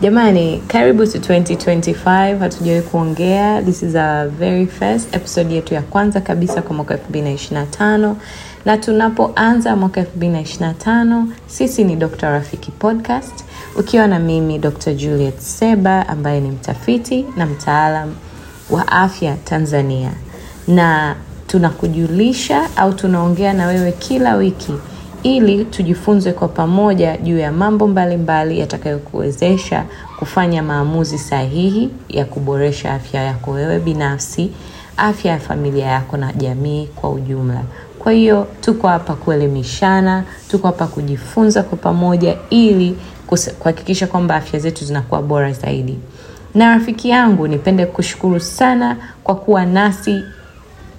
Jamani, karibu to 2025. hatujawai kuongea, this is a very first episode yetu ya kwanza kabisa kwa mwaka 2025, na tunapoanza mwaka 2025 sisi ni Dr. Rafiki Podcast, ukiwa na mimi Dr. Juliet Seba ambaye ni mtafiti na mtaalam wa afya Tanzania, na tunakujulisha au tunaongea na wewe kila wiki ili tujifunze kwa pamoja juu ya mambo mbalimbali yatakayokuwezesha kufanya maamuzi sahihi ya kuboresha afya yako wewe binafsi, afya ya familia yako na jamii kwa ujumla. Kwa hiyo tuko hapa kuelimishana, tuko hapa kujifunza kwa pamoja ili kuhakikisha kwamba afya zetu zinakuwa bora zaidi. Na rafiki yangu, nipende kushukuru sana kwa kuwa nasi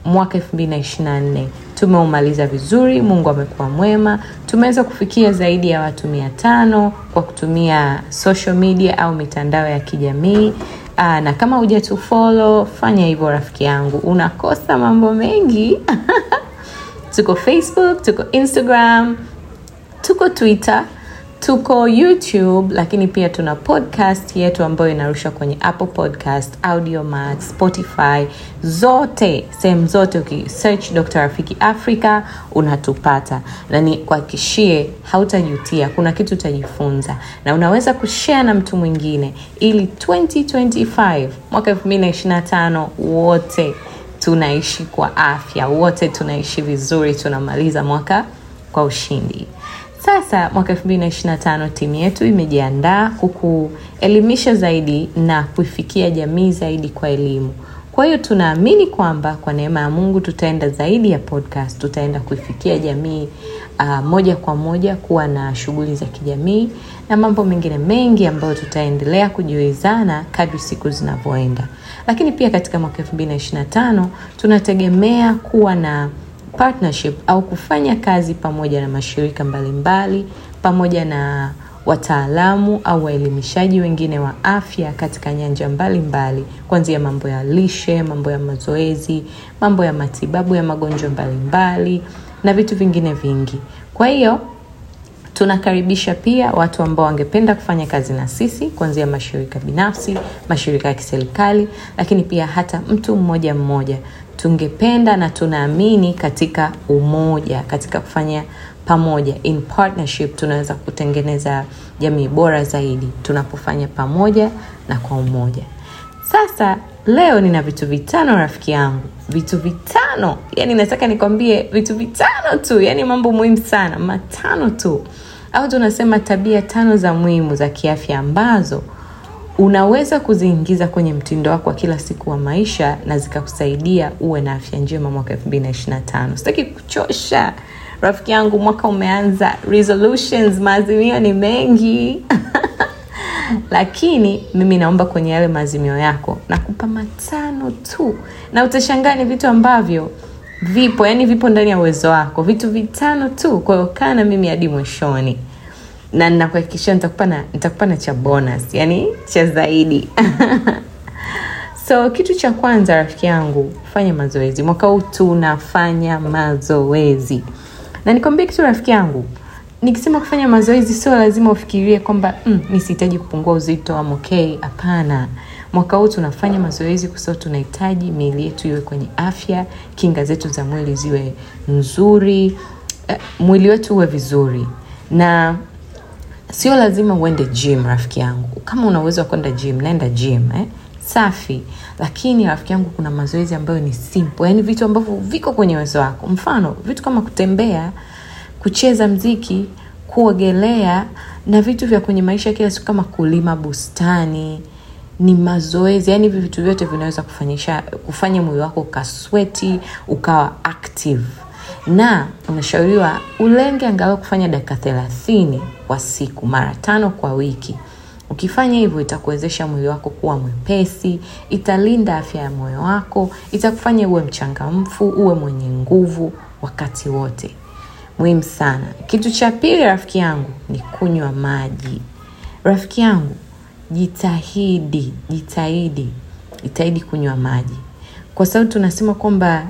mwaka 2024 tumeumaliza vizuri. Mungu amekuwa mwema. Tumeweza kufikia zaidi ya watu mia tano kwa kutumia social media au mitandao ya kijamii. Aa, ah, na kama hujatufollow fanya hivyo rafiki yangu, unakosa mambo mengi tuko Facebook, tuko Instagram, tuko Twitter tuko youtube lakini pia tuna podcast yetu ambayo inarushwa kwenye apple podcast audio max spotify zote sehemu zote ukisearch dr rafiki africa unatupata na ni kuhakikishie hautajutia kuna kitu utajifunza na unaweza kushare na mtu mwingine ili 2025 mwaka 225 wote tunaishi kwa afya wote tunaishi vizuri tunamaliza mwaka kwa ushindi sasa mwaka 2025 timu yetu imejiandaa kukuelimisha zaidi na kuifikia jamii zaidi kwa elimu. Kwa hiyo tunaamini kwamba kwa neema ya Mungu tutaenda zaidi ya podcast, tutaenda kuifikia jamii uh, moja kwa moja, kuwa na shughuli za kijamii na mambo mengine mengi ambayo tutaendelea kujiwezana kadri siku zinavyoenda. Lakini pia katika mwaka 2025 tunategemea kuwa na partnership au kufanya kazi pamoja na mashirika mbalimbali mbali, pamoja na wataalamu au waelimishaji wengine wa afya katika nyanja mbalimbali kuanzia mambo ya lishe, mambo ya mazoezi, mambo ya matibabu ya magonjwa mbalimbali mbali, na vitu vingine vingi. Kwa hiyo Tunakaribisha pia watu ambao wangependa kufanya kazi na sisi kuanzia mashirika binafsi, mashirika ya kiserikali, lakini pia hata mtu mmoja mmoja. Tungependa na tunaamini katika umoja, katika kufanya pamoja, in partnership, tunaweza kutengeneza jamii bora zaidi tunapofanya pamoja na kwa umoja. Sasa leo nina vitu vitano rafiki yangu, vitu vitano, yani nataka nikwambie vitu vitano tu, yani mambo muhimu sana matano tu au tunasema tabia tano za muhimu za kiafya ambazo unaweza kuziingiza kwenye mtindo wako wa kila siku wa maisha na zikakusaidia uwe na afya njema mwaka 2025. Sitaki kuchosha rafiki yangu, mwaka umeanza, resolutions, maazimio ni mengi lakini mimi naomba kwenye yale maazimio yako nakupa matano tu, na utashangaa ni vitu ambavyo vipo yani vipo ndani ya uwezo wako vitu vitano tu kwa hiyo kaa na mimi hadi mwishoni na ninakuhakikishia nitakupa na nitakupa na cha bonus yani cha zaidi so kitu cha kwanza rafiki yangu fanya mazoezi mwaka huu tunafanya mazoezi na nikwambie kitu rafiki yangu nikisema kufanya mazoezi sio lazima ufikirie kwamba mm, nisihitaji kupungua uzito am okay hapana Mwaka huu tunafanya mazoezi kwa sababu tunahitaji miili yetu iwe kwenye afya, kinga zetu za mwili ziwe nzuri, eh, mwili wetu uwe vizuri. Na sio lazima uende gym, rafiki yangu. Kama unaweza uwezo kwenda gym, naenda gym eh? Safi. Lakini rafiki yangu, kuna mazoezi ambayo ni simple, yaani vitu ambavyo viko kwenye uwezo wako. Mfano vitu kama kutembea, kucheza mziki, kuogelea na vitu vya kwenye maisha kila siku kama kulima bustani ni mazoezi yani hivi vitu vyote vinaweza kufanyisha kufanya mwili wako ukasweti ukawa active na unashauriwa ulenge angalau kufanya dakika thelathini kwa siku mara tano kwa wiki ukifanya hivyo itakuwezesha mwili wako kuwa mwepesi italinda afya ya moyo wako itakufanya uwe mchangamfu uwe mwenye nguvu wakati wote muhimu sana kitu cha pili rafiki yangu ni kunywa maji rafiki yangu jitahidi jitahidi jitahidi kunywa maji kwa sababu tunasema kwamba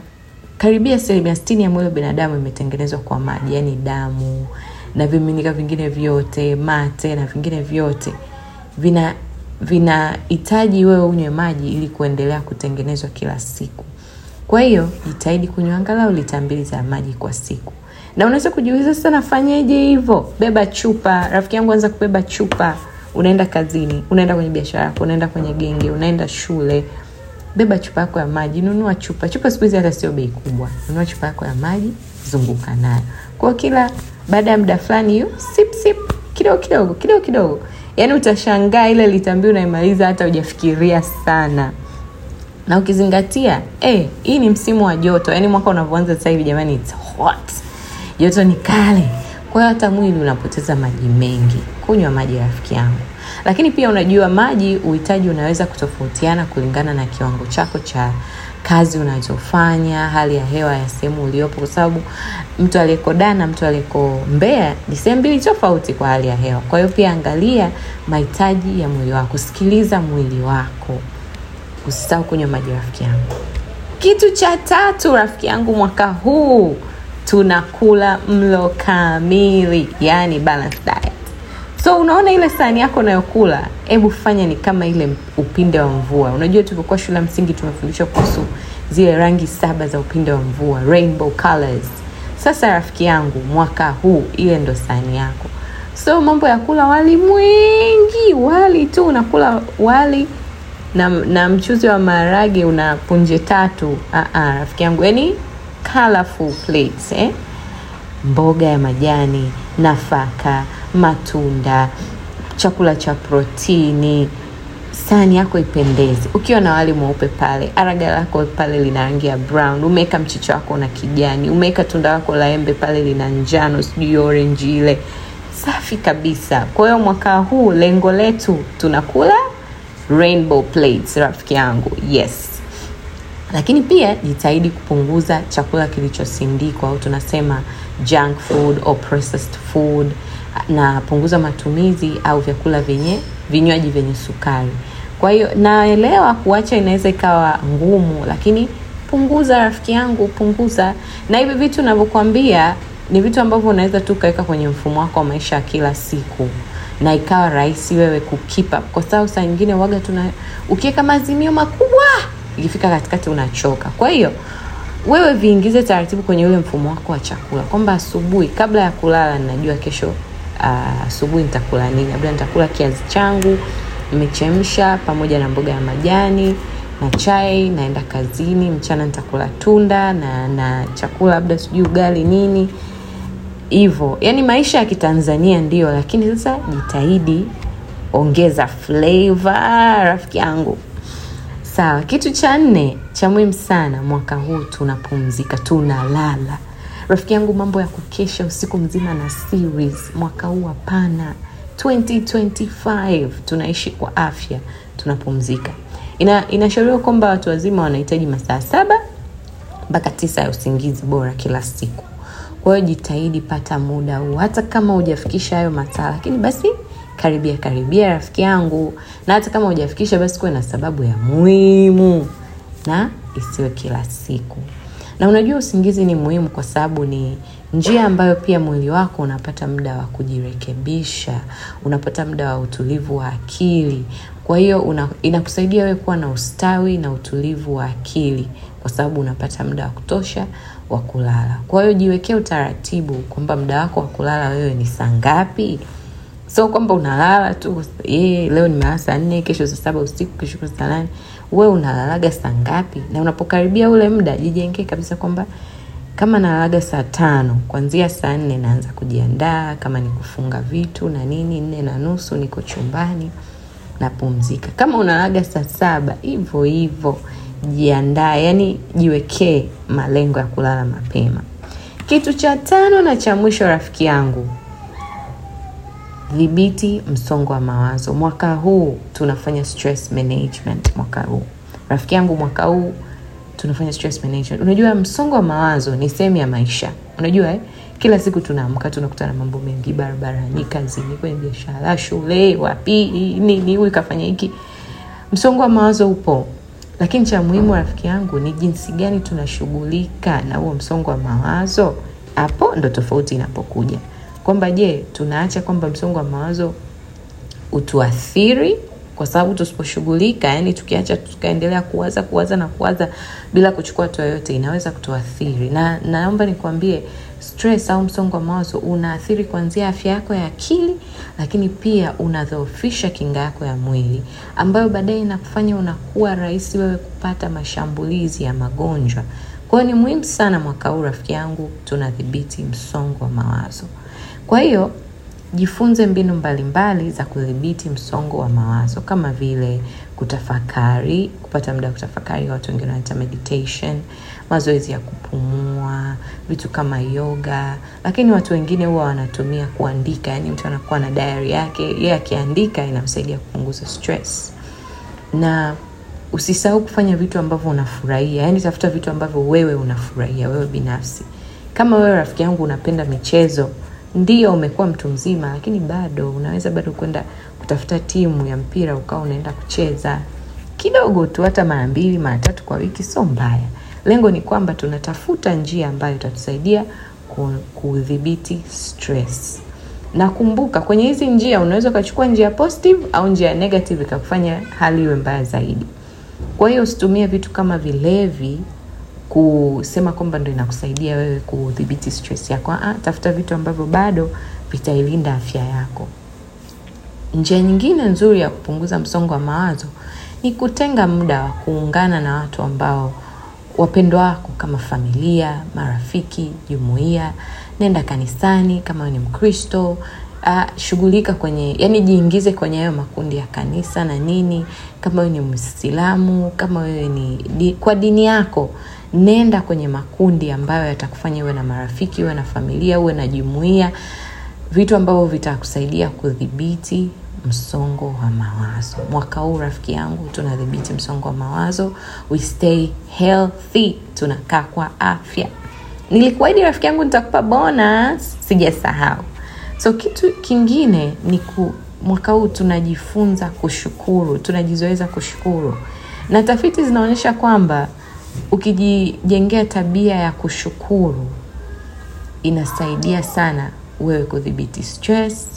karibia asilimia sitini ya mwili wa binadamu imetengenezwa kwa maji yaani damu na viminika vingine vyote mate na vingine vyote vina vinahitaji wewe unywe maji ili kuendelea kutengenezwa kila siku kwa hiyo jitahidi kunywa angalau lita mbili za maji kwa siku na unaweza kujiuliza sasa nafanyeje hivyo beba chupa rafiki yangu anza kubeba chupa unaenda kazini unaenda kwenye biashara yako unaenda kwenye genge unaenda shule beba chupa yako ya maji nunua chupa chupa siku hizi hata sio bei kubwa nunua chupa yako ya maji zunguka nayo kwao kila baada ya muda fulani hiyo sip sip kidogo kidogo kidogo kidogo yaani utashangaa ile litambi unaimaliza hata ujafikiria sana na ukizingatia eh, hii ni msimu wa joto yaani mwaka unavyoanza sasa hivi jamani it's hot joto ni kale kwa hiyo hata mwili unapoteza maji mengi. Kunywa maji rafiki yangu. Lakini pia unajua maji uhitaji unaweza kutofautiana kulingana na kiwango chako cha kazi unachofanya hali ya hewa ya sehemu uliopo, kwa sababu mtu aliyeko da na mtu aliyeko mbea ni sehemu mbili tofauti kwa hali ya hewa. Kwa hiyo pia angalia mahitaji ya mwili wako, sikiliza mwili wako. Usisahau kunywa maji rafiki yangu. Kitu cha tatu rafiki yangu, mwaka huu tunakula mlo kamili yani balance diet so unaona ile sahani yako unayokula hebu fanya ni kama ile upinde wa mvua unajua tulipokuwa shule ya msingi tumefundishwa kuhusu zile rangi saba za upinde wa mvua rainbow colors sasa rafiki yangu mwaka huu ile ndo sahani yako so mambo ya kula wali mwingi wali tu unakula wali na, na mchuzi wa maharage una punje tatu uh-uh, rafiki yangu yani colorful plates eh? Mboga ya majani, nafaka, matunda, chakula cha protini. sani yako ipendeze. Ukiwa na wali mweupe pale, araga lako pale lina rangi ya brown, umeweka mchicho wako na kijani, umeweka tunda lako la embe pale lina njano, sijui orange ile safi kabisa. Kwa hiyo mwaka huu lengo letu tunakula rainbow plates, rafiki yangu. Yes lakini pia jitahidi kupunguza chakula kilichosindikwa au tunasema junk food or processed food na punguza matumizi au vyakula vyenye vinywaji vyenye sukari kwa hiyo naelewa kuacha inaweza ikawa ngumu lakini punguza rafiki yangu punguza na hivi vitu navyokwambia ni vitu ambavyo unaweza tu ukaweka kwenye mfumo wako wa maisha ya kila siku na ikawa rahisi wewe kukipa kwa sababu saa nyingine waga tuna ukiweka maazimio makubwa ikifika katikati unachoka. Kwa hiyo wewe viingize taratibu kwenye ule mfumo wako wa chakula, kwamba asubuhi kabla ya kulala ninajua kesho ah, asubuhi uh, nitakula nini, labda nitakula kiazi changu nimechemsha pamoja na mboga ya majani na chai, naenda kazini. Mchana nitakula tunda na na chakula labda sijui ugali nini hivyo. Yani maisha ya Kitanzania ndiyo, lakini sasa jitahidi ongeza flavor, rafiki yangu sawa. Kitu cha nne cha muhimu sana, mwaka huu tunapumzika, tunalala. Rafiki yangu, mambo ya kukesha usiku mzima na series mwaka huu hapana. 2025 tunaishi kwa afya, tunapumzika. Ina, inashauriwa kwamba watu wazima wanahitaji masaa saba mpaka tisa ya usingizi bora kila siku. Kwa hiyo jitahidi, pata muda huu, hata kama hujafikisha hayo masaa, lakini basi karibia karibia rafiki yangu na hata kama hujafikisha basi kuwe na sababu ya muhimu na isiwe kila siku na unajua usingizi ni muhimu kwa sababu ni njia ambayo pia mwili wako unapata muda wa kujirekebisha unapata muda wa utulivu wa akili kwa hiyo inakusaidia wewe kuwa na ustawi na utulivu wa akili kwa sababu unapata muda wa kutosha wa kulala kwa hiyo jiwekee utaratibu kwamba muda wako wa kulala wewe ni saa ngapi so kwamba unalala tu yeye eh, leo nimelala saa nne kesho saa saba usiku kesho saa nane we unalalaga saa ngapi na unapokaribia ule muda jijengee kabisa kwamba kama nalalaga saa tano kwanzia saa nne naanza kujiandaa kama ni kufunga vitu na nini nne na nusu niko chumbani napumzika kama unalaga saa saba hivo hivo jiandaa yani jiwekee malengo ya kulala mapema kitu cha tano na cha mwisho rafiki yangu Dhibiti msongo wa mawazo. Mwaka huu tunafanya stress management. Mwaka huu rafiki yangu, mwaka huu tunafanya stress management. Unajua msongo wa mawazo ni sehemu ya maisha. Unajua eh? Kila siku tunaamka tunakutana mambo mengi barabarani, kazini, kwenye biashara, shule, wapi, nini, huyu kafanya hiki. Msongo wa mawazo upo, lakini cha muhimu rafiki yangu ni jinsi gani tunashughulika na huo msongo wa mawazo. Hapo ndo tofauti inapokuja kwamba je, tunaacha kwamba msongo wa mawazo utuathiri kwa sababu tusiposhughulika, yani tukiacha tukaendelea kuwaza kuwaza na kuwaza bila kuchukua hatua yoyote, inaweza kutuathiri. Na naomba nikuambie stress au msongo wa mawazo unaathiri kuanzia afya yako ya akili, lakini pia unadhoofisha kinga yako ya mwili, ambayo baadaye inakufanya unakuwa rahisi wewe kupata mashambulizi ya magonjwa. kwayo ni muhimu sana mwaka huu rafiki yangu tunadhibiti msongo wa mawazo. Kwa hiyo jifunze mbinu mbalimbali mbali za kudhibiti msongo wa mawazo kama vile kutafakari, kupata muda wa kutafakari, watu wengine wanaita meditation, mazoezi ya kupumua, vitu kama yoga. Lakini watu wengine huwa wanatumia kuandika, yani mtu anakuwa na diary yake, yeye akiandika inamsaidia kupunguza stress. Na usisahau kufanya vitu ambavyo unafurahia, yani tafuta vitu ambavyo wewe unafurahia wewe binafsi. Kama wewe rafiki yangu unapenda michezo, ndio umekuwa mtu mzima lakini bado unaweza bado kwenda kutafuta timu ya mpira ukawa unaenda kucheza kidogo tu hata mara mbili mara tatu kwa wiki sio mbaya lengo ni kwamba tunatafuta njia ambayo itatusaidia kudhibiti stress na kumbuka kwenye hizi njia unaweza ukachukua njia positive au njia negative ikakufanya hali iwe mbaya zaidi kwa hiyo usitumie vitu kama vilevi kusema kwamba ndo inakusaidia wewe kudhibiti stress yako. Ah, ah, tafuta vitu ambavyo bado vitailinda afya yako. Njia nyingine nzuri ya kupunguza msongo wa mawazo ni kutenga muda wa kuungana na watu ambao wapendwa wako kama familia, marafiki, jumuiya. Nenda kanisani kama ni Mkristo. Uh, shughulika kwenye yani, jiingize kwenye hayo makundi ya kanisa na nini, kama wewe ni msilamu kama wewe ni di, kwa dini yako nenda kwenye makundi ambayo yatakufanya uwe na marafiki, uwe na familia, uwe na jumuia vitu ambavyo vitakusaidia kudhibiti msongo wa mawazo. Mwaka huu rafiki yangu, tunadhibiti msongo wa mawazo, we stay healthy, tunakaa kwa afya. nilikuwaidi rafiki yangu nitakupa bonus, sijasahau. So kitu kingine ni ku, mwaka huu tunajifunza kushukuru, tunajizoeza kushukuru, na tafiti zinaonyesha kwamba ukijijengea tabia ya kushukuru inasaidia sana wewe kudhibiti stress,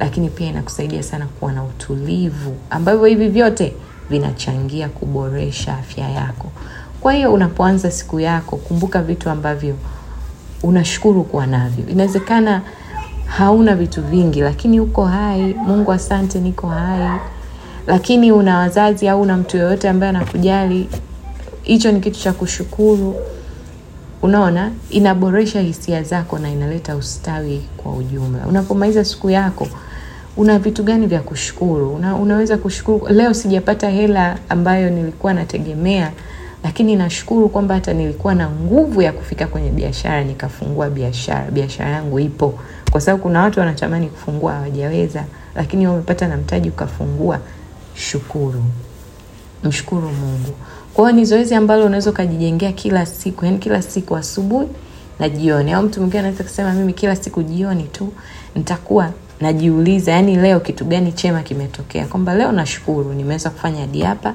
lakini pia inakusaidia sana kuwa na utulivu, ambavyo hivi vyote vinachangia kuboresha afya yako. Kwa hiyo unapoanza siku yako, kumbuka vitu ambavyo unashukuru kuwa navyo. Inawezekana hauna vitu vingi, lakini uko hai. Mungu asante, niko hai. Lakini una wazazi au una mtu yoyote ambaye anakujali hicho ni kitu cha kushukuru. Unaona, inaboresha hisia zako na inaleta ustawi kwa ujumla. Unapomaliza siku yako, una vitu gani vya kushukuru? Una, unaweza kushukuru, leo sijapata hela ambayo nilikuwa nategemea, lakini nashukuru kwamba hata nilikuwa na nguvu ya kufika kwenye biashara nikafungua biashara. Biashara yangu ipo, kwa sababu kuna watu wanatamani kufungua hawajaweza, lakini wamepata na mtaji ukafungua. Shukuru, mshukuru Mungu kwao ni zoezi ambalo unaweza ukajijengea kila siku, yani kila siku asubuhi na jioni. Au mtu mwingine anaweza kusema mimi kila siku jioni tu nitakuwa najiuliza, yani leo kitu gani chema kimetokea, kwamba leo nashukuru nimeweza kufanya hadi hapa,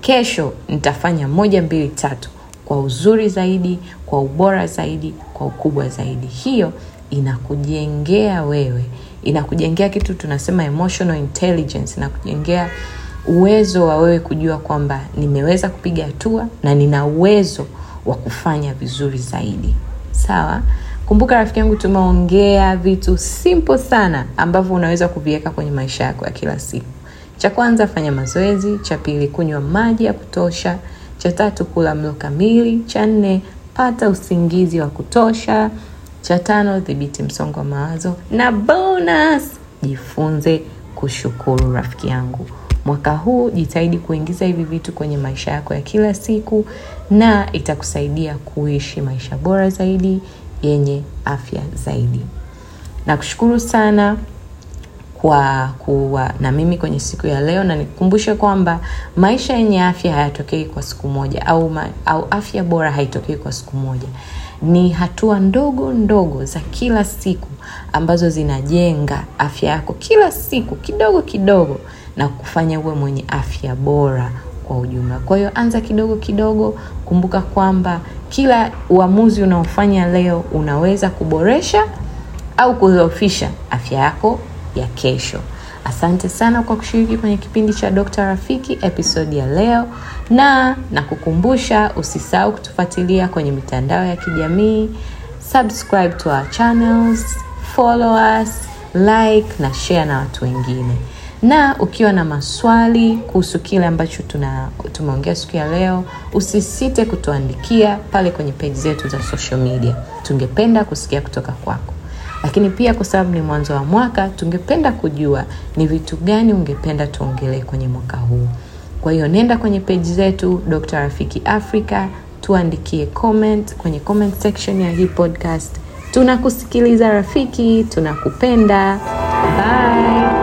kesho nitafanya moja mbili tatu kwa uzuri zaidi, kwa ubora zaidi, kwa ukubwa zaidi. Hiyo inakujengea wewe, inakujengea kitu tunasema emotional intelligence, inakujengea uwezo wa wewe kujua kwamba nimeweza kupiga hatua na nina uwezo wa kufanya vizuri zaidi. Sawa? Kumbuka rafiki yangu, tumeongea vitu simple sana ambavyo unaweza kuviweka kwenye maisha yako ya kila siku. Cha kwanza, fanya mazoezi. Cha pili, kunywa maji ya kutosha. Cha tatu, kula mlo kamili. Cha nne, pata usingizi wa kutosha. Cha tano, dhibiti msongo wa mawazo, na bonus, jifunze kushukuru. Rafiki yangu mwaka huu jitahidi kuingiza hivi vitu kwenye maisha yako ya kila siku na itakusaidia kuishi maisha bora zaidi yenye afya zaidi. Nakushukuru sana kwa kuwa na mimi kwenye siku ya leo, na nikukumbushe kwamba maisha yenye afya hayatokei kwa siku moja au, ma, au afya bora haitokei kwa siku moja. Ni hatua ndogo ndogo za kila siku ambazo zinajenga afya yako kila siku kidogo kidogo na kufanya uwe mwenye afya bora kwa ujumla. Kwa hiyo anza kidogo kidogo, kumbuka kwamba kila uamuzi unaofanya leo unaweza kuboresha au kudhoofisha afya yako ya kesho. Asante sana kwa kushiriki kwenye kipindi cha Dokta Rafiki episodi ya leo, na nakukumbusha usisahau kutufuatilia kwenye mitandao ya kijamii, subscribe to our channels, follow us, like na share na watu wengine na ukiwa na maswali kuhusu kile ambacho tumeongea siku ya leo usisite kutuandikia pale kwenye peji zetu za social media tungependa kusikia kutoka kwako lakini pia kwa sababu ni mwanzo wa mwaka tungependa kujua ni vitu gani ungependa tuongelee kwenye mwaka huu kwa hiyo nenda kwenye peji zetu dr rafiki africa tuandikie comment kwenye comment section ya hii podcast tunakusikiliza rafiki tunakupenda bye